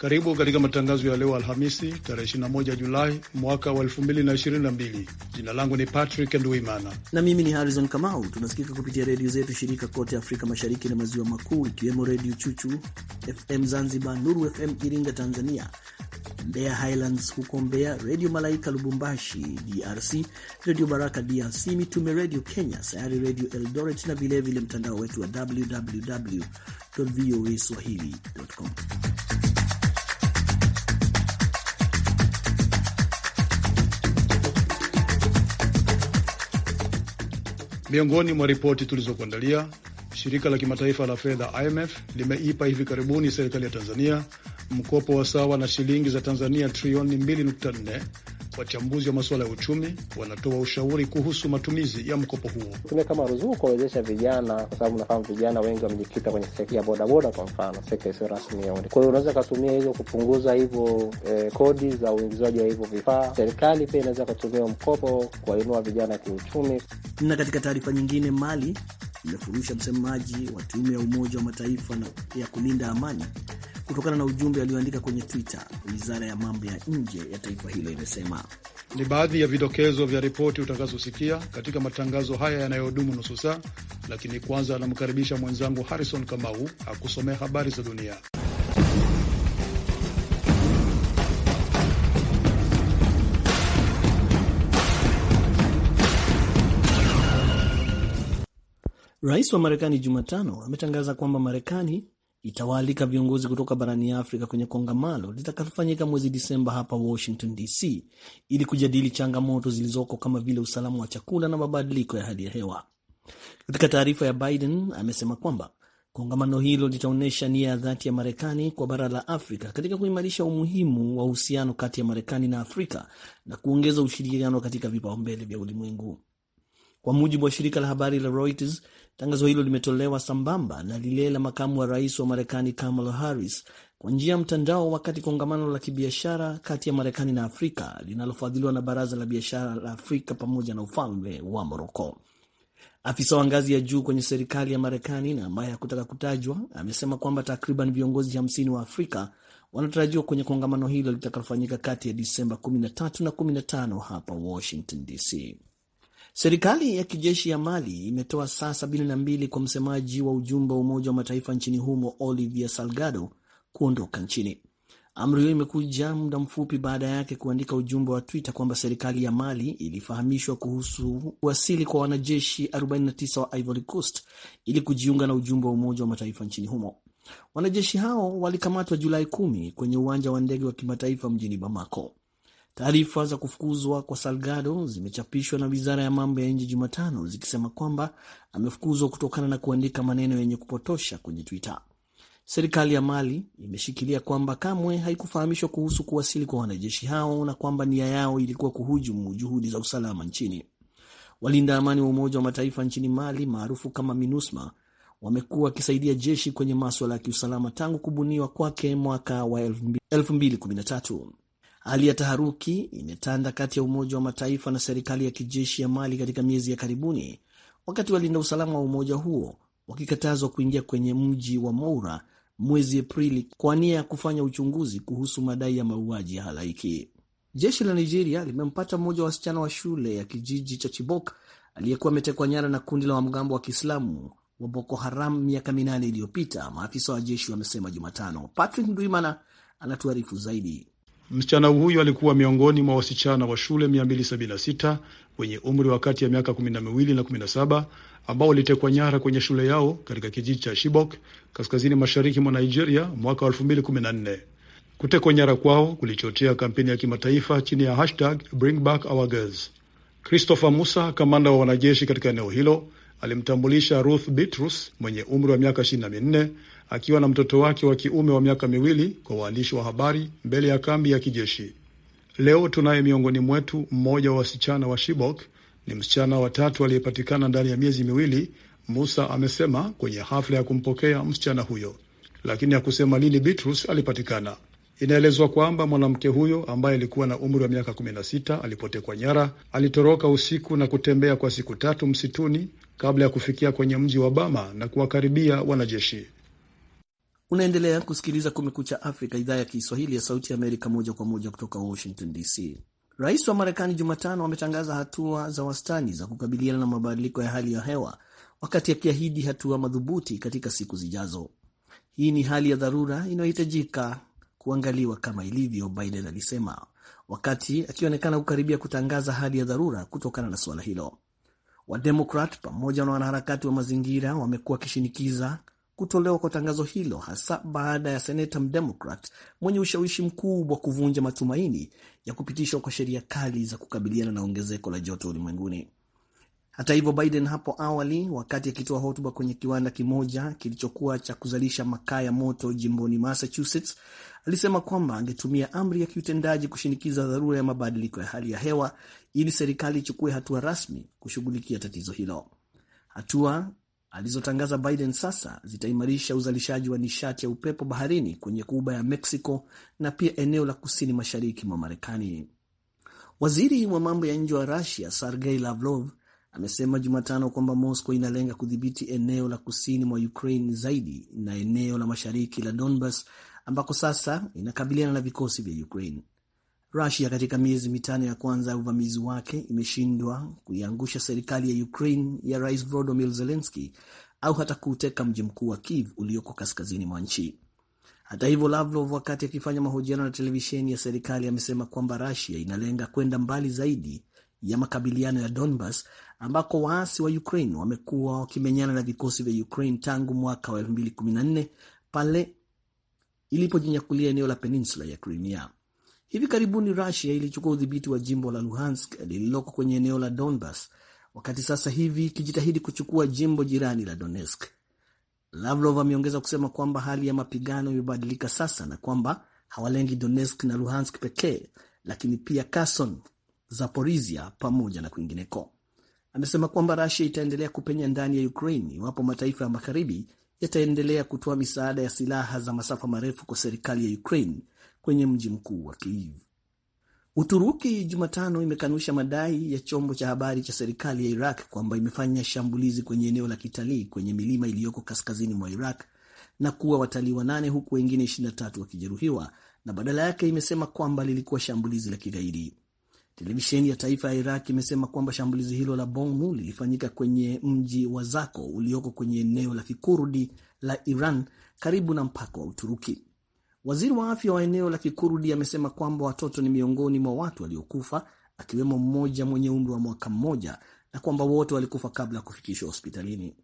Karibu katika matangazo ya leo Alhamisi, tarehe 21 Julai mwaka wa 2022. Jina langu ni Patrick Nduimana na mimi ni Harrison Kamau. Tunasikika kupitia redio zetu shirika kote Afrika Mashariki na Maziwa Makuu, ikiwemo Redio Chuchu FM Zanzibar, Nuru FM Iringa Tanzania, Mbeya Highlands huko Mbeya, Redio Malaika Lubumbashi DRC, Redio Baraka DRC, Mitume Redio Kenya, Sayari Redio Eldoret na vilevile mtandao wetu wa www voa swahili.com. Miongoni mwa ripoti tulizokuandalia, shirika la kimataifa la fedha IMF limeipa hivi karibuni serikali ya Tanzania mkopo wa sawa na shilingi za Tanzania trilioni 2.4 Wachambuzi wa masuala ya uchumi wanatoa ushauri kuhusu matumizi ya mkopo huo. Tumia kama ruzuku kuwezesha vijana, kwa sababu nafahamu vijana wengi wamejikita kwenye sekta ya bodaboda, kwa mfano sekta isiyo rasmi ya uni. kwa hiyo unaweza ukatumia hizo kupunguza hivyo eh, kodi za uingizaji wa hivyo vifaa. Serikali pia inaweza ukatumia mkopo kuwainua vijana kiuchumi. Na katika taarifa nyingine, Mali imefurusha msemaji wa tume ya Umoja wa Mataifa na ya kulinda amani kutokana na ujumbe aliyoandika kwenye Twitter. Wizara ya mambo ya nje ya taifa hilo imesema ni baadhi ya vidokezo vya ripoti utakazosikia katika matangazo haya yanayodumu nusu saa, lakini kwanza anamkaribisha mwenzangu Harrison Kamau akusomea habari za dunia. Rais wa Marekani Jumatano ametangaza kwamba Marekani itawaalika viongozi kutoka barani Afrika kwenye kongamano litakalofanyika mwezi Disemba hapa Washington DC ili kujadili changamoto zilizoko kama vile usalama wa chakula na mabadiliko ya hali ya hewa. Katika taarifa ya Biden amesema kwamba kongamano hilo litaonyesha nia ya dhati ya Marekani kwa bara la Afrika katika kuimarisha umuhimu wa uhusiano kati ya Marekani na Afrika na kuongeza ushirikiano katika vipaumbele vya ulimwengu. Kwa mujibu wa shirika la habari la Reuters, Tangazo hilo limetolewa sambamba na lile la makamu wa rais wa Marekani Kamala Harris kwa njia ya mtandao wakati kongamano la kibiashara kati ya Marekani na Afrika linalofadhiliwa na Baraza la Biashara la Afrika pamoja na ufalme wa Moroko. Afisa wa ngazi ya juu kwenye serikali ya Marekani na ambaye hakutaka kutajwa amesema kwamba takriban viongozi hamsini wa Afrika wanatarajiwa kwenye kongamano hilo litakalofanyika kati ya Disemba 13 na 15 hapa Washington DC. Serikali ya kijeshi ya Mali imetoa saa mbili kwa msemaji wa ujumbe wa Umoja wa Mataifa nchini humo Olivia Salgado kuondoka nchini. Amri hiyo imekuja muda mfupi baada yake kuandika ujumbe wa Twitter kwamba serikali ya Mali ilifahamishwa kuhusu kuwasili kwa wanajeshi 49 wa Ivory Coast ili kujiunga na ujumbe wa Umoja wa Mataifa nchini humo. Wanajeshi hao walikamatwa Julai kumi kwenye uwanja wa ndege wa kimataifa mjini Bamako. Taarifa za kufukuzwa kwa Salgado zimechapishwa na wizara ya mambo ya nje Jumatano zikisema kwamba amefukuzwa kutokana na kuandika maneno yenye kupotosha kwenye Twitter. Serikali ya Mali imeshikilia kwamba kamwe haikufahamishwa kuhusu kuwasili kwa wanajeshi hao na kwamba nia yao ilikuwa kuhujumu juhudi za usalama nchini. Walinda amani wa Umoja wa Mataifa nchini Mali maarufu kama MINUSMA wamekuwa wakisaidia jeshi kwenye maswala ya kiusalama tangu kubuniwa kwake mwaka wa 2013. Hali ya taharuki imetanda kati ya Umoja wa Mataifa na serikali ya kijeshi ya Mali katika miezi ya karibuni, wakati walinda usalama wa umoja huo wakikatazwa kuingia kwenye mji wa Moura mwezi Aprili kwa nia ya kufanya uchunguzi kuhusu madai ya mauaji ya halaiki. Jeshi la Nigeria limempata mmoja wa wasichana wa shule ya kijiji cha Chibok aliyekuwa ametekwa nyara na kundi la wamgambo wa Kiislamu wa Boko Haram miaka minane iliyopita, maafisa wa jeshi wamesema Jumatano. Patrick Ndwimana anatuarifu zaidi. Msichana huyu alikuwa miongoni mwa wasichana wa shule 276 wenye umri wa kati ya miaka 12 na 17 ambao walitekwa nyara kwenye shule yao katika kijiji cha Shibok kaskazini mashariki mwa Nigeria mwaka 2014. Kutekwa nyara kwao kulichochea kampeni ya kimataifa chini ya hashtag Bring Back Our Girls. Christopher Musa, kamanda wa wanajeshi katika eneo hilo, alimtambulisha Ruth Bitrus mwenye umri wa miaka akiwa na mtoto wake wa kiume wa miaka miwili kwa waandishi wa habari mbele ya kambi ya kijeshi. Leo tunaye miongoni mwetu mmoja wa wasichana wa Shibok, ni msichana wa tatu aliyepatikana ndani ya miezi miwili, Musa amesema kwenye hafla ya kumpokea msichana huyo, lakini hakusema lini Beatrice alipatikana. Inaelezwa kwamba mwanamke huyo ambaye alikuwa na umri wa miaka 16 alipotekwa nyara, alitoroka usiku na kutembea kwa siku tatu msituni kabla ya kufikia kwenye mji wa Bama na kuwakaribia wanajeshi. Unaendelea kusikiliza Kumekucha Afrika, idhaa ya Kiswahili ya Sauti ya Amerika, moja kwa moja kutoka Washington DC. Rais wa Marekani Jumatano ametangaza hatua za wastani za kukabiliana na mabadiliko ya hali ya hewa, wakati akiahidi hatua madhubuti katika siku zijazo. Hii ni hali ya dharura inayohitajika kuangaliwa kama ilivyo, Biden alisema wakati akionekana kukaribia kutangaza hali ya dharura kutokana na suala hilo. Wademokrat pamoja na wanaharakati wa mazingira wamekuwa wakishinikiza kutolewa kwa tangazo hilo, hasa baada ya seneta mdemokrat mwenye ushawishi mkubwa kuvunja matumaini ya kupitishwa kwa sheria kali za kukabiliana na ongezeko la joto ulimwenguni. Hata hivyo, Biden hapo awali, wakati akitoa hotuba kwenye kiwanda kimoja kilichokuwa cha kuzalisha makaa ya moto jimboni Massachusetts, alisema kwamba angetumia amri ya kiutendaji kushinikiza dharura ya mabadiliko ya hali ya hewa ili serikali ichukue hatua rasmi kushughulikia tatizo hilo. Hatua alizotangaza Biden sasa zitaimarisha uzalishaji wa nishati ya upepo baharini kwenye kuba ya Mexico na pia eneo la kusini mashariki mwa Marekani. Waziri wa mambo ya nje wa Rusia Sergei Lavrov amesema Jumatano kwamba Moscow inalenga kudhibiti eneo la kusini mwa Ukraine zaidi na eneo la mashariki la Donbas ambako sasa inakabiliana na vikosi vya Ukraine. Rusia katika miezi mitano ya kwanza ya uvamizi wake imeshindwa kuiangusha serikali ya Ukraine ya Rais Volodymyr Zelensky au hata kuuteka mji mkuu wa Kiev ulioko kaskazini mwa nchi. Hata hivyo, Lavrov wakati akifanya mahojiano na televisheni ya serikali amesema kwamba Rusia inalenga kwenda mbali zaidi ya makabiliano ya Donbas ambako waasi wa Ukraine wamekuwa wakimenyana na vikosi vya Ukraine tangu mwaka wa 2014 pale ilipojinyakulia eneo la peninsula ya Crimea. Hivi karibuni Rusia ilichukua udhibiti wa jimbo la Luhansk lililoko kwenye eneo la Donbas, wakati sasa hivi ikijitahidi kuchukua jimbo jirani la Donetsk. Lavrov ameongeza kusema kwamba hali ya mapigano imebadilika sasa na kwamba hawalengi Donetsk na Luhansk pekee, lakini pia Kherson, Zaporizhia pamoja na kwingineko. Amesema kwamba Rusia itaendelea kupenya ndani ya Ukraine iwapo mataifa ya magharibi yataendelea kutoa misaada ya silaha za masafa marefu kwa serikali ya Ukraine kwenye mji mkuu wa Kiev. Uturuki Jumatano imekanusha madai ya chombo cha habari cha serikali ya Iraq kwamba imefanya shambulizi kwenye eneo la kitalii kwenye milima iliyoko kaskazini mwa Iraq na kuwa watalii wanane huku wengine 23 wakijeruhiwa, na badala yake imesema kwamba lilikuwa shambulizi la kigaidi. Televisheni ya taifa ya Iraq imesema kwamba shambulizi hilo la bomu lilifanyika kwenye mji wa Zako ulioko kwenye eneo la kikurdi la Iran karibu na mpaka wa Uturuki. Waziri wa afya wa eneo la Kikurdi amesema kwamba watoto ni miongoni mwa watu waliokufa, akiwemo mmoja mwenye umri wa mwaka mmoja, na kwamba wote walikufa kabla ya kufikishwa hospitalini.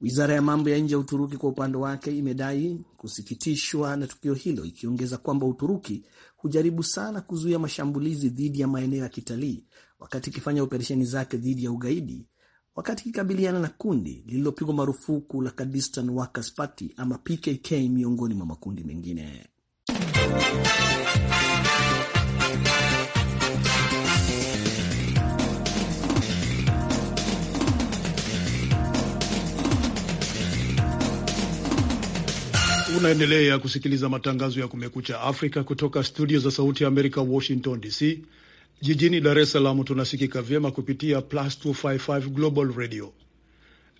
Wizara ya mambo ya nje ya Uturuki kwa upande wake imedai kusikitishwa na tukio hilo, ikiongeza kwamba Uturuki hujaribu sana kuzuia mashambulizi dhidi ya maeneo ya kitalii wakati ikifanya operesheni zake dhidi ya ugaidi wakati ikikabiliana na kundi lililopigwa marufuku la Kurdistan Workers Party ama PKK miongoni mwa makundi mengine. Unaendelea kusikiliza matangazo ya Kumekucha Afrika kutoka studio za Sauti ya Amerika, Washington DC. Jijini Dar es Salaam tunasikika vyema kupitia Plus 255 Global Radio.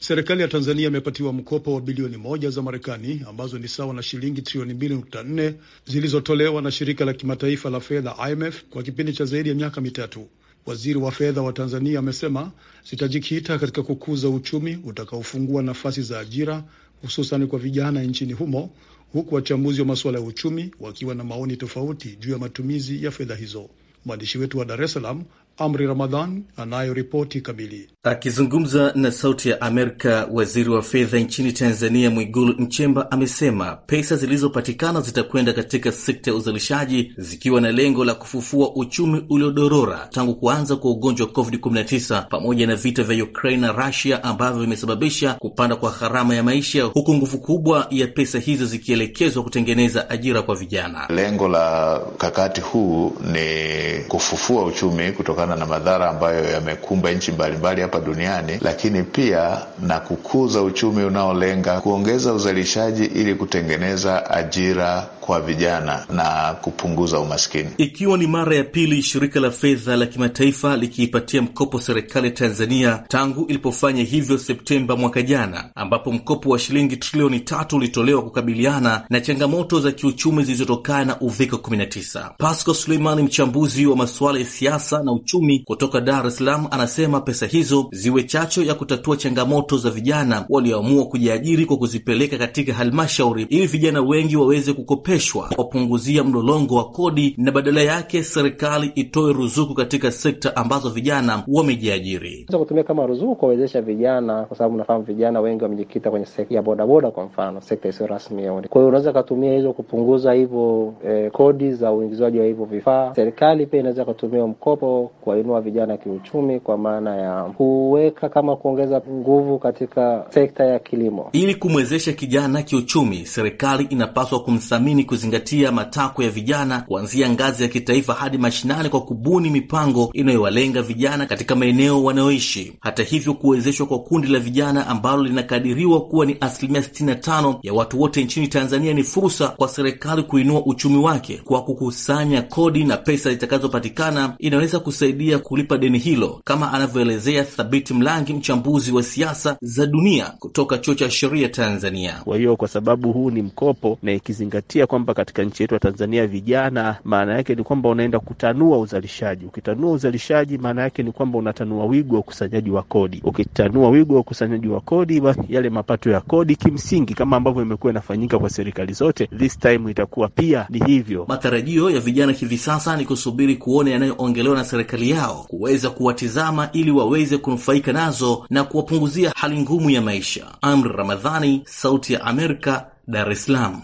Serikali ya Tanzania imepatiwa mkopo wa bilioni moja za Marekani ambazo ni sawa na shilingi trilioni 2.4 zilizotolewa na shirika la kimataifa la fedha IMF kwa kipindi cha zaidi ya miaka mitatu. Waziri wa fedha wa Tanzania amesema zitajikita katika kukuza uchumi utakaofungua nafasi za ajira hususan kwa vijana nchini humo, huku wachambuzi wa masuala ya uchumi wakiwa na maoni tofauti juu ya matumizi ya fedha hizo. Mwandishi wetu wa Dar es Salaam Amri Ramadhan anayo ripoti kamili. Akizungumza na Sauti ya Amerika, waziri wa fedha nchini Tanzania Mwigulu Nchemba amesema pesa zilizopatikana zitakwenda katika sekta ya uzalishaji zikiwa na lengo la kufufua uchumi uliodorora tangu kuanza kwa ugonjwa wa COVID-19 pamoja na vita vya Ukraine na rasia ambavyo vimesababisha kupanda kwa gharama ya maisha, huku nguvu kubwa ya pesa hizo zikielekezwa kutengeneza ajira kwa vijana. Lengo la mkakati huu ni kufufua uchumi kutoka kupambana na madhara ambayo yamekumba nchi mbalimbali hapa duniani, lakini pia na kukuza uchumi unaolenga kuongeza uzalishaji ili kutengeneza ajira kwa vijana na kupunguza umaskini. Ikiwa ni mara ya pili shirika la fedha la kimataifa likiipatia mkopo serikali ya Tanzania tangu ilipofanya hivyo Septemba mwaka jana, ambapo mkopo wa shilingi trilioni tatu ulitolewa kukabiliana na changamoto za kiuchumi zilizotokana na uviko 19. Pasco Suleimani, mchambuzi wa masuala ya siasa na uchumi uchumi kutoka Dar es Salaam anasema pesa hizo ziwe chacho ya kutatua changamoto za vijana walioamua kujiajiri kwa kuzipeleka katika halmashauri ili vijana wengi waweze kukopeshwa, wapunguzia mlolongo wa kodi na badala yake serikali itoe ruzuku katika sekta ambazo vijana wamejiajiri kutumia kama ruzuku kuwawezesha vijana, kwa sababu nafahamu vijana wengi wamejikita kwenye sekta ya bodaboda, kwa mfano sekta isiyo rasmi ya Kwa hiyo unaweza ukatumia hizo kupunguza hivyo eh, kodi za uingizaji wa hivyo vifaa. Serikali pia inaweza kutumia mkopo kuwainua vijana kiuchumi, kwa maana ya kuweka kama kuongeza nguvu katika sekta ya kilimo. Ili kumwezesha kijana kiuchumi, serikali inapaswa kumthamini, kuzingatia matakwa ya vijana kuanzia ngazi ya kitaifa hadi mashinani kwa kubuni mipango inayowalenga vijana katika maeneo wanayoishi. Hata hivyo, kuwezeshwa kwa kundi la vijana ambalo linakadiriwa kuwa ni asilimia 65 ya watu wote nchini Tanzania ni fursa kwa serikali kuinua uchumi wake kwa kukusanya kodi na pesa zitakazopatikana inaweza kusaidia kusaidia kulipa deni hilo, kama anavyoelezea Thabiti Mlangi, mchambuzi wa siasa za dunia kutoka Chuo cha Sheria Tanzania. Kwa hiyo kwa sababu huu ni mkopo, na ikizingatia kwamba katika nchi yetu ya Tanzania vijana, maana yake ni kwamba unaenda kutanua uzalishaji. Ukitanua uzalishaji, maana yake ni kwamba unatanua wigo wa ukusanyaji wa kodi. Ukitanua wigo wa ukusanyaji wa kodi, basi yale mapato ya kodi kimsingi, kama ambavyo imekuwa inafanyika kwa serikali zote, this time itakuwa pia ni hivyo. Matarajio ya vijana hivi sasa ni kusubiri kuona yanayoongelewa na serikali mashauri yao kuweza kuwatizama ili waweze kunufaika nazo na kuwapunguzia hali ngumu ya maisha. Amri Ramadhani, Sauti ya Amerika, Dar es Salaam.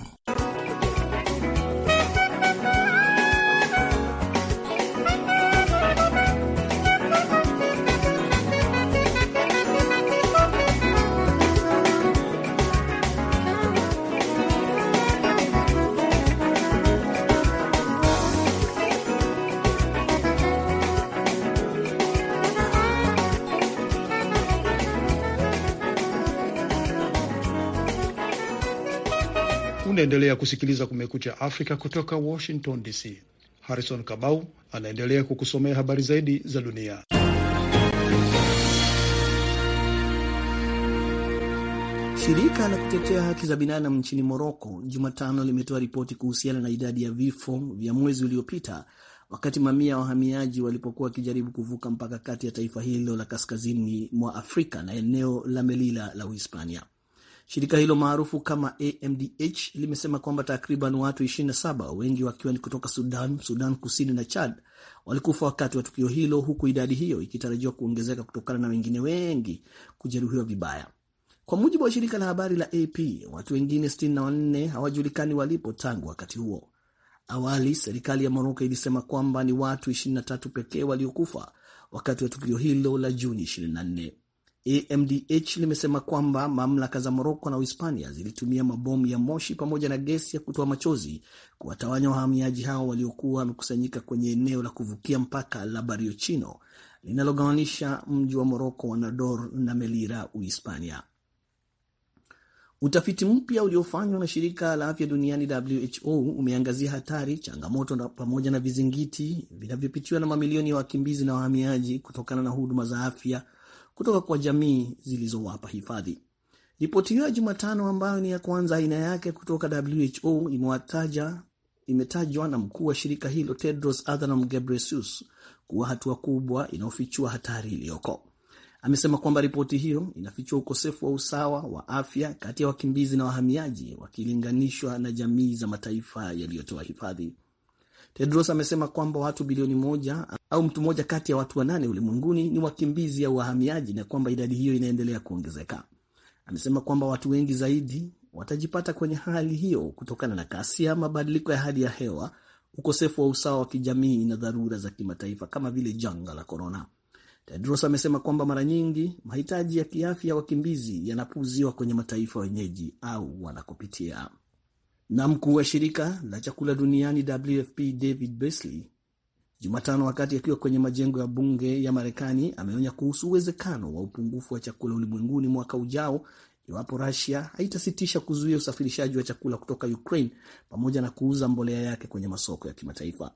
Unaendelea kusikiliza Kumekucha Afrika kutoka Washington DC. Harrison Kabau anaendelea kukusomea habari zaidi za dunia. Shirika la kutetea haki za binadamu nchini Moroko Jumatano limetoa ripoti kuhusiana na idadi ya vifo vya mwezi uliopita wakati mamia ya wahamiaji walipokuwa wakijaribu kuvuka mpaka kati ya taifa hilo la kaskazini mwa Afrika na eneo la melila la Uhispania. Shirika hilo maarufu kama AMDH limesema kwamba takriban watu 27 wengi wakiwa ni kutoka Sudan, Sudan Kusini na Chad walikufa wakati wa tukio hilo, huku idadi hiyo ikitarajiwa kuongezeka kutokana na wengine wengi kujeruhiwa vibaya. Kwa mujibu wa shirika la habari la AP, watu wengine 64 hawajulikani walipo tangu wakati huo. Awali serikali ya Moroko ilisema kwamba ni watu 23 pekee waliokufa wakati wa tukio hilo la Juni 24. AMDH limesema kwamba mamlaka za Moroko na Uhispania zilitumia mabomu ya moshi pamoja na gesi ya kutoa machozi kuwatawanya wahamiaji hao waliokuwa wamekusanyika kwenye eneo la kuvukia mpaka la Bariochino linalogawanisha mji wa Moroko wa Nador na Melira, Uhispania. Utafiti mpya uliofanywa na shirika la afya duniani WHO umeangazia hatari, changamoto na pamoja na vizingiti vinavyopitiwa na mamilioni ya wakimbizi na wahamiaji kutokana na huduma za afya kutoka kwa jamii zilizowapa hifadhi. Ripoti hiyo ya Jumatano, ambayo ni ya kwanza aina yake kutoka WHO, imewataja imetajwa na mkuu wa shirika hilo Tedros Adhanom Ghebreyesus kuwa hatua kubwa inayofichua hatari iliyoko. Amesema kwamba ripoti hiyo inafichua ukosefu wa usawa wa afya kati ya wakimbizi na wahamiaji wakilinganishwa na jamii za mataifa yaliyotoa hifadhi. Tedros amesema kwamba watu bilioni moja au mtu mmoja kati ya watu wanane ulimwenguni ni wakimbizi au wahamiaji na kwamba idadi hiyo inaendelea kuongezeka. Amesema kwamba watu wengi zaidi watajipata kwenye hali hiyo kutokana na kasi ya mabadiliko ya hali ya hewa, ukosefu wa usawa wa kijamii na dharura za kimataifa kama vile janga la korona. Tedros amesema kwamba mara nyingi mahitaji ya kiafya ya wakimbizi yanapuuziwa kwenye mataifa wenyeji au wanakopitia. Na mkuu wa shirika la chakula duniani WFP David Beasley Jumatano, wakati akiwa kwenye majengo ya bunge ya Marekani, ameonya kuhusu uwezekano wa upungufu wa chakula ulimwenguni mwaka ujao iwapo Russia haitasitisha kuzuia usafirishaji wa chakula kutoka Ukraine pamoja na kuuza mbolea yake kwenye masoko ya kimataifa.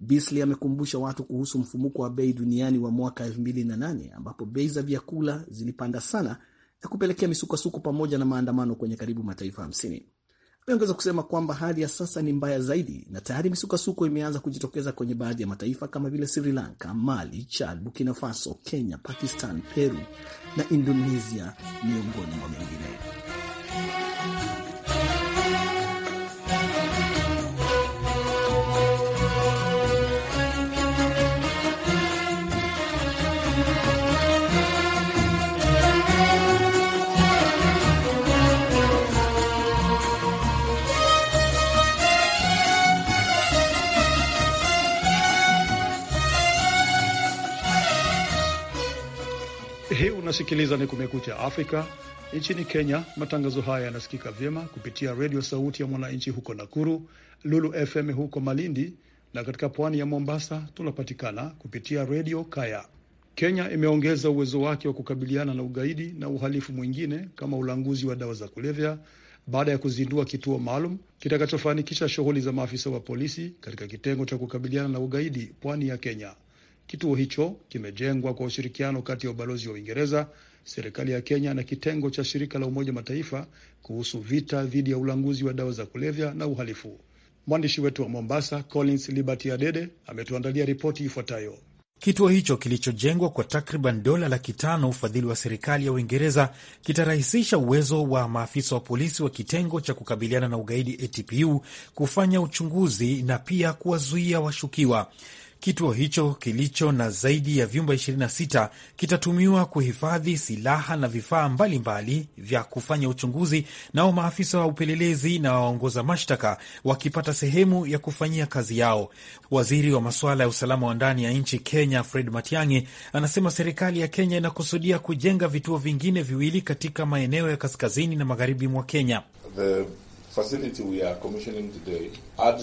Beasley amekumbusha watu kuhusu mfumuko wa bei duniani wa mwaka 2008 ambapo bei za vyakula zilipanda sana na kupelekea misukosuko pamoja na maandamano kwenye karibu mataifa Ameongeza kusema kwamba hali ya sasa ni mbaya zaidi na tayari misukasuko imeanza kujitokeza kwenye baadhi ya mataifa kama vile Sri Lanka, Mali, Chad, Burkina Faso, Kenya, Pakistan, Peru na Indonesia, miongoni mwa mengine. Hii unasikiliza ni Kumekucha Afrika. Nchini Kenya, matangazo haya yanasikika vyema kupitia redio Sauti ya Mwananchi huko Nakuru, Lulu FM huko Malindi, na katika pwani ya Mombasa tunapatikana kupitia redio Kaya. Kenya imeongeza uwezo wake wa kukabiliana na ugaidi na uhalifu mwingine kama ulanguzi wa dawa za kulevya baada ya kuzindua kituo maalum kitakachofanikisha shughuli za maafisa wa polisi katika kitengo cha kukabiliana na ugaidi pwani ya Kenya. Kituo hicho kimejengwa kwa ushirikiano kati ya ubalozi wa Uingereza, serikali ya Kenya na kitengo cha shirika la Umoja Mataifa kuhusu vita dhidi ya ulanguzi wa dawa za kulevya na uhalifu. Mwandishi wetu wa Mombasa, Collins Liberty Adede, ametuandalia ripoti ifuatayo. Kituo hicho kilichojengwa kwa takriban dola laki tano ufadhili wa serikali ya Uingereza kitarahisisha uwezo wa maafisa wa polisi wa kitengo cha kukabiliana na ugaidi ATPU kufanya uchunguzi na pia kuwazuia washukiwa. Kituo hicho kilicho na zaidi ya vyumba 26 kitatumiwa kuhifadhi silaha na vifaa mbalimbali vya kufanya uchunguzi, nao maafisa wa upelelezi na waongoza mashtaka wakipata sehemu ya kufanyia kazi yao. Waziri wa masuala ya usalama wa ndani ya nchi Kenya, Fred Matiang'i, anasema serikali ya Kenya inakusudia kujenga vituo vingine viwili katika maeneo ya kaskazini na magharibi mwa Kenya. The...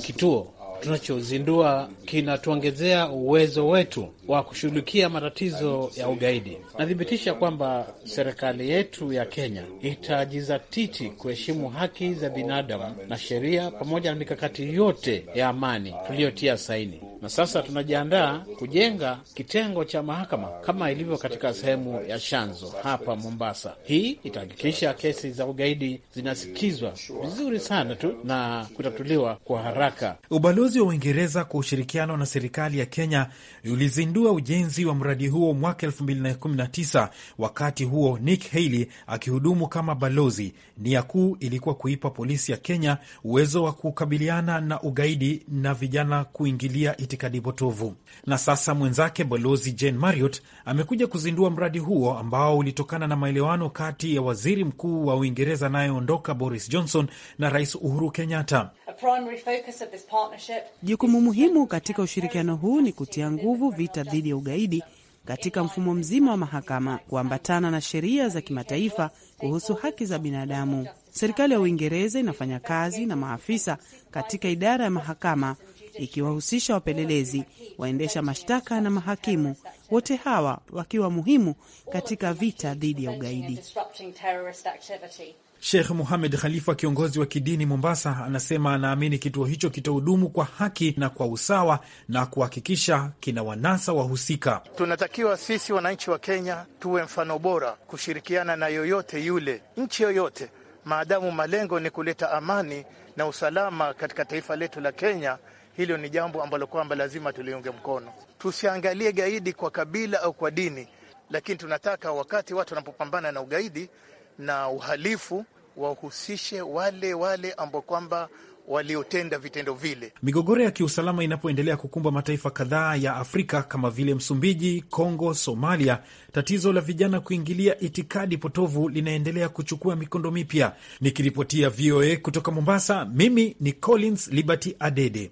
Kituo tunachozindua kinatuongezea uwezo wetu wa kushughulikia matatizo ya ugaidi. Nathibitisha kwamba serikali yetu ya Kenya itajizatiti kuheshimu haki za binadamu na sheria pamoja na mikakati yote ya amani tuliyotia saini na sasa tunajiandaa kujenga kitengo cha mahakama kama ilivyo katika sehemu ya Shanzo hapa Mombasa. Hii itahakikisha kesi za ugaidi zinasikizwa vizuri sana tu na kutatuliwa kwa haraka. Ubalozi wa Uingereza kwa ushirikiano na serikali ya Kenya ulizindua ujenzi wa mradi huo mwaka 2019. Wakati huo Nick Haley akihudumu kama balozi, nia kuu ilikuwa kuipa polisi ya Kenya uwezo wa kukabiliana na ugaidi na vijana kuingilia itikadi potovu. Na sasa mwenzake Balozi Jane Marriott amekuja kuzindua mradi huo ambao ulitokana na maelewano kati ya waziri mkuu wa Uingereza anayeondoka Boris Johnson na Rais Uhuru Kenyatta. Jukumu muhimu katika ushirikiano huu ni kutia nguvu vita dhidi ya ugaidi katika mfumo mzima wa mahakama kuambatana na sheria za kimataifa kuhusu haki za binadamu. Serikali ya Uingereza inafanya kazi na maafisa katika idara ya mahakama ikiwahusisha wapelelezi, waendesha mashtaka na mahakimu, wote hawa wakiwa muhimu katika vita dhidi ya ugaidi. Sheikh Muhamed Khalifa, kiongozi wa kidini Mombasa, anasema anaamini kituo hicho kitahudumu kwa haki na kwa usawa na kuhakikisha kina wanasa wahusika. Tunatakiwa sisi wananchi wa Kenya tuwe mfano bora kushirikiana na yoyote yule, nchi yoyote, maadamu malengo ni kuleta amani na usalama katika taifa letu la Kenya hilo ni jambo ambalo kwamba lazima tuliunge mkono. Tusiangalie gaidi kwa kabila au kwa dini, lakini tunataka wakati watu wanapopambana na ugaidi na uhalifu wahusishe wale wale ambao kwamba waliotenda vitendo vile. Migogoro ya kiusalama inapoendelea kukumba mataifa kadhaa ya Afrika kama vile Msumbiji, Kongo, Somalia, tatizo la vijana kuingilia itikadi potovu linaendelea kuchukua mikondo mipya. Nikiripotia VOA kutoka Mombasa, mimi ni Collins Liberty Adede.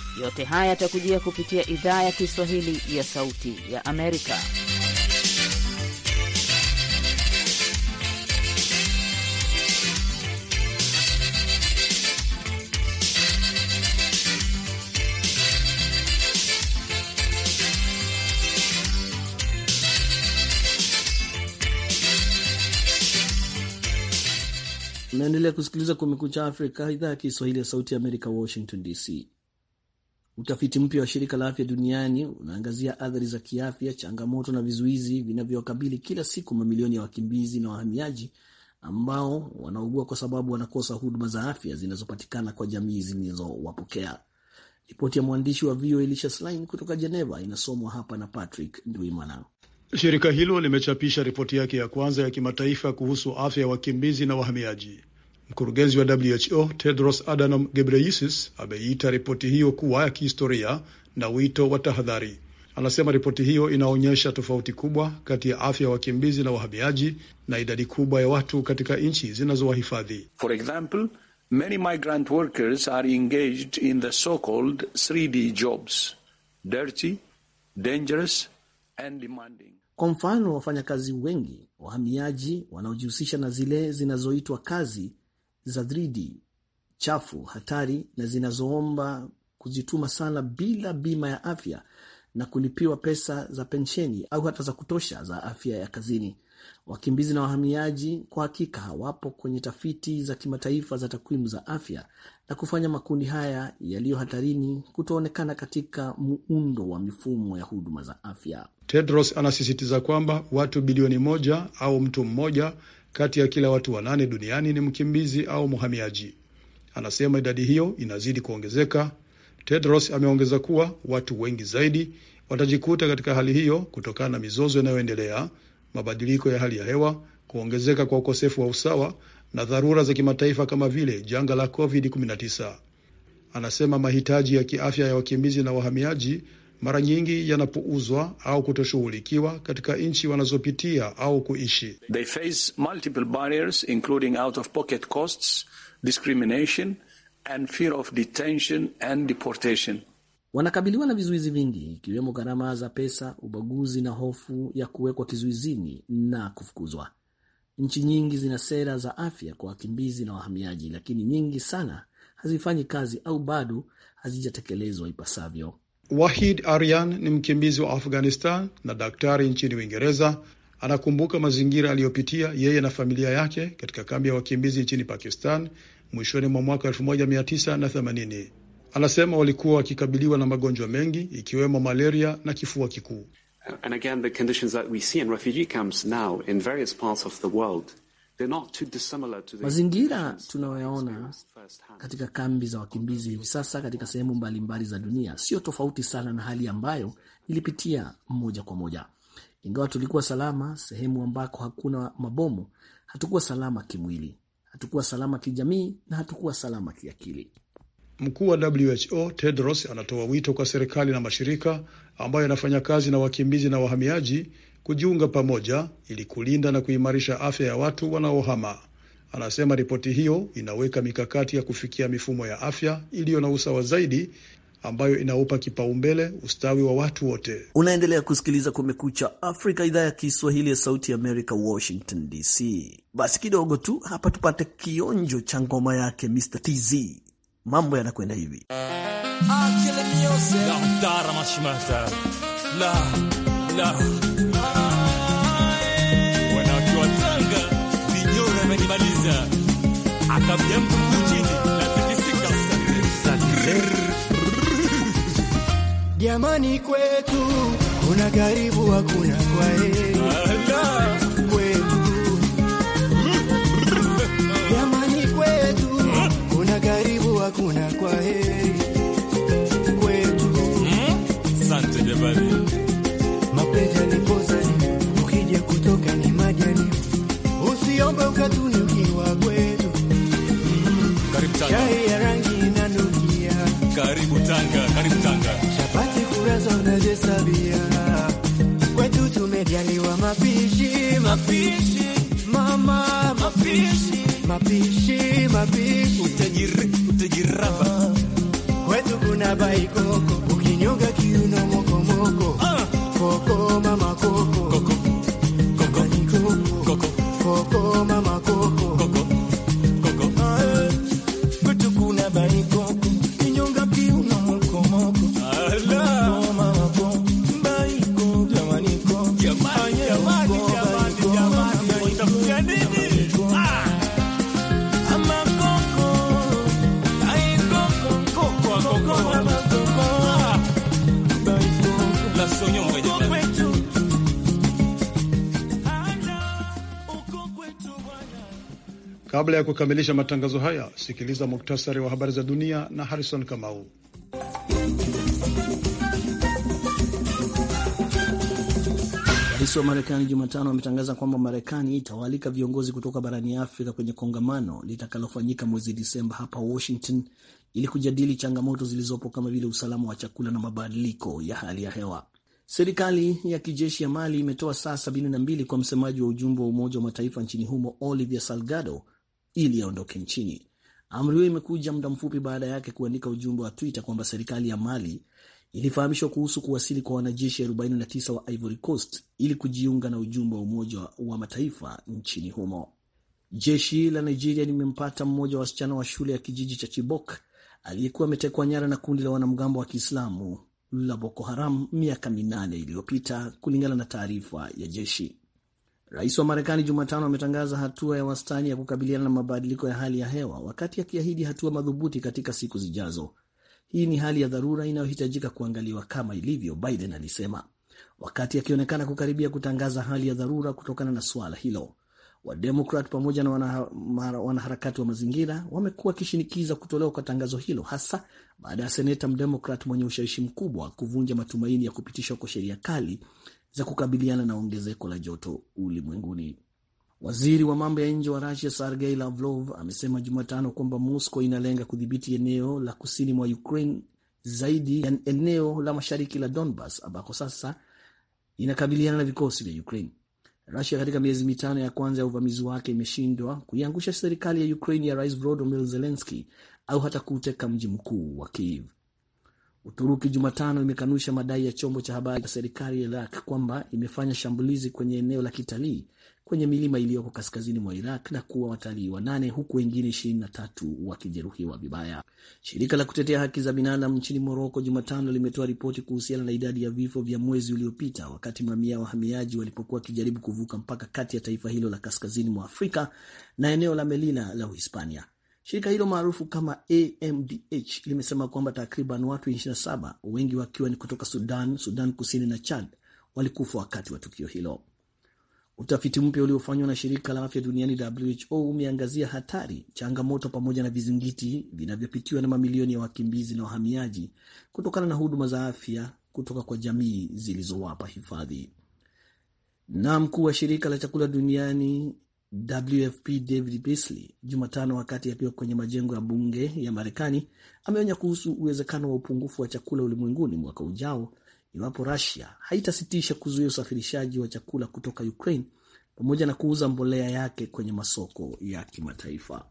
Yote haya yatakujia kupitia idhaa ya Kiswahili ya Sauti ya Amerika. Unaendelea kusikiliza Kumekucha Afrika, idhaa ya Kiswahili ya Sauti ya Amerika, Washington DC. Utafiti mpya wa shirika la afya duniani unaangazia athari za kiafya, changamoto na vizuizi vinavyowakabili kila siku mamilioni ya wakimbizi na wahamiaji ambao wanaugua kwa sababu wanakosa huduma za afya zinazopatikana kwa jamii zilizowapokea. Ripoti ya mwandishi wa VOA Elisha Schlein kutoka Geneva inasomwa hapa na Patrick Ndwimana. Shirika hilo limechapisha ripoti yake ya kwanza ya kimataifa kuhusu afya ya wakimbizi na wahamiaji. Mkurugenzi wa WHO Tedros Adhanom Ghebreyesus ameiita ripoti hiyo kuwa ya kihistoria na wito wa tahadhari. Anasema ripoti hiyo inaonyesha tofauti kubwa kati ya afya ya wakimbizi na wahamiaji na idadi kubwa ya watu katika nchi zinazowahifadhi. For example, many migrant workers are engaged in the so-called 3D jobs. Dirty, dangerous and demanding. Kwa mfano, wafanyakazi wengi wahamiaji wanaojihusisha na zile zinazoitwa kazi za gridi chafu, hatari na zinazoomba kuzituma sana bila bima ya afya na kulipiwa pesa za pensheni au hata za kutosha za afya ya kazini. Wakimbizi na wahamiaji kwa hakika hawapo kwenye tafiti za kimataifa za takwimu za afya na kufanya makundi haya yaliyo hatarini kutoonekana katika muundo wa mifumo ya huduma za afya. Tedros anasisitiza kwamba watu bilioni moja au mtu mmoja kati ya kila watu wanane duniani ni mkimbizi au mhamiaji. Anasema idadi hiyo inazidi kuongezeka. Tedros ameongeza kuwa watu wengi zaidi watajikuta katika hali hiyo kutokana na mizozo inayoendelea, mabadiliko ya hali ya hewa, kuongezeka kwa ukosefu wa usawa na dharura za kimataifa kama vile janga la COVID-19. Anasema mahitaji ya kiafya ya wakimbizi na wahamiaji mara nyingi yanapouzwa au kutoshughulikiwa katika nchi wanazopitia au kuishi. They face multiple barriers including out of pocket costs, discrimination and fear of detention and deportation. Wanakabiliwa na vizuizi vingi ikiwemo gharama za pesa, ubaguzi na hofu ya kuwekwa kizuizini na kufukuzwa. Nchi nyingi zina sera za afya kwa wakimbizi na wahamiaji, lakini nyingi sana hazifanyi kazi au bado hazijatekelezwa ipasavyo. Wahid Aryan ni mkimbizi wa Afghanistan na daktari nchini Uingereza. Anakumbuka mazingira aliyopitia yeye na familia yake katika kambi ya wakimbizi nchini Pakistan mwishoni mwa mwaka 1980. Anasema walikuwa wakikabiliwa na magonjwa mengi ikiwemo malaria na kifua kikuu. Mazingira tunayoyaona katika kambi za wakimbizi hivi sasa katika sehemu mbalimbali za dunia sio tofauti sana na hali ambayo ilipitia moja kwa moja. Ingawa tulikuwa salama sehemu ambako hakuna mabomu, hatukuwa salama kimwili, hatukuwa salama kijamii na hatukuwa salama kiakili. Mkuu wa WHO Tedros anatoa wito kwa serikali na mashirika ambayo yanafanya kazi na wakimbizi na wahamiaji kujiunga pamoja ili kulinda na kuimarisha afya ya watu wanaohama. Anasema ripoti hiyo inaweka mikakati ya kufikia mifumo ya afya iliyo na usawa zaidi ambayo inaupa kipaumbele ustawi wa watu wote. Unaendelea kusikiliza Kumekucha Afrika, idhaa ya Kiswahili ya Sauti ya Amerika, Washington DC. Basi kidogo tu hapa tupate kionjo cha ngoma yake Mr TZ. Mambo yanakwenda hivi La, Uganda akamja mguu chini na tikisika. Jamani, kwetu kuna karibu hakuna kwaheri kwetu. kuna karibu hakuna kwaheri kwetu. Asante hmm? jamani, mapenzi yalipoza mapishi mama, mapishi mapishi mapishi, utajiri utajiraba kwetu kuna baikoko Kabla ya kukamilisha matangazo haya, sikiliza muktasari wa habari za dunia na Harrison Kamau. Rais wa Marekani Jumatano ametangaza kwamba Marekani itawaalika viongozi kutoka barani Afrika kwenye kongamano litakalofanyika mwezi Disemba hapa Washington ili kujadili changamoto zilizopo kama vile usalama wa chakula na mabadiliko ya hali ya hewa. Serikali ya kijeshi ya Mali imetoa saa 72 kwa msemaji wa ujumbe wa Umoja wa Mataifa nchini humo Olivia Salgado ili aondoke nchini. Amri hiyo imekuja muda mfupi baada yake kuandika ujumbe wa Twitter kwamba serikali ya Mali ilifahamishwa kuhusu kuwasili kwa wanajeshi 49 wa Ivory Coast ili kujiunga na ujumbe wa Umoja wa Mataifa nchini humo. Jeshi la Nigeria limempata mmoja wa wasichana wa shule ya kijiji cha Chibok aliyekuwa ametekwa nyara na kundi la wanamgambo wa Kiislamu la Boko Haram miaka minane iliyopita, kulingana na taarifa ya jeshi. Rais wa Marekani Jumatano ametangaza hatua ya wastani ya kukabiliana na mabadiliko ya hali ya hewa, wakati akiahidi hatua madhubuti katika siku zijazo. Hii ni hali ya dharura inayohitajika kuangaliwa kama ilivyo, Biden alisema, wakati akionekana kukaribia kutangaza hali ya dharura kutokana na suala hilo. Wademokrat pamoja na wanaharakati wa mazingira wamekuwa wakishinikiza kutolewa kwa tangazo hilo, hasa baada ya seneta mdemokrat mwenye ushawishi mkubwa kuvunja matumaini ya kupitishwa kwa sheria kali za kukabiliana na ongezeko la joto ulimwenguni. Waziri wa mambo ya nje wa Rusia Sergei Lavrov amesema Jumatano kwamba Moscow inalenga kudhibiti eneo la kusini mwa Ukraine zaidi ya eneo la mashariki la Donbas ambako sasa inakabiliana na vikosi vya Ukraine. Rusia katika miezi mitano ya kwanza ya uvamizi wake imeshindwa kuiangusha serikali ya Ukraine ya Rais Volodymyr Zelensky au hata kuuteka mji mkuu wa Kiev. Uturuki Jumatano imekanusha madai ya chombo cha habari cha serikali ya Iraq kwamba imefanya shambulizi kwenye eneo la kitalii kwenye milima iliyoko kaskazini mwa Iraq na kuwa watalii wanane huku wengine 23 wakijeruhiwa vibaya. Shirika la kutetea haki za binadamu nchini Moroko Jumatano limetoa ripoti kuhusiana na idadi ya vifo vya mwezi uliopita, wakati mamia ya wahamiaji walipokuwa wakijaribu kuvuka mpaka kati ya taifa hilo la kaskazini mwa Afrika na eneo la Melina la Uhispania. Shirika hilo maarufu kama AMDH limesema kwamba takriban watu 27 wengi wakiwa ni kutoka Sudan, Sudan Kusini na Chad walikufa wakati wa tukio hilo. Utafiti mpya uliofanywa na shirika la afya duniani WHO umeangazia hatari, changamoto pamoja na vizingiti vinavyopitiwa na mamilioni ya wakimbizi na wahamiaji kutokana na huduma za afya kutoka kwa jamii zilizowapa hifadhi. Na mkuu wa shirika la chakula duniani WFP David Beasley Jumatano wakati akiwa kwenye majengo ya bunge ya Marekani ameonya kuhusu uwezekano wa upungufu wa chakula ulimwenguni mwaka ujao iwapo Russia haitasitisha kuzuia usafirishaji wa chakula kutoka Ukraine pamoja na kuuza mbolea yake kwenye masoko ya kimataifa.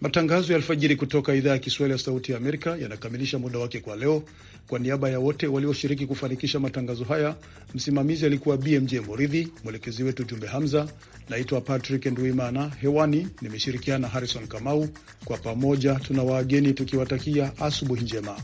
Matangazo ya alfajiri kutoka idhaa ya Kiswahili ya Sauti ya Amerika yanakamilisha muda wake kwa leo. Kwa niaba ya wote walioshiriki kufanikisha matangazo haya, msimamizi alikuwa BMJ Moridhi, mwelekezi wetu Jumbe Hamza. Naitwa Patrick nduimana hewani nimeshirikiana Harrison Kamau. Kwa pamoja tuna wageni tukiwatakia asubuhi njema.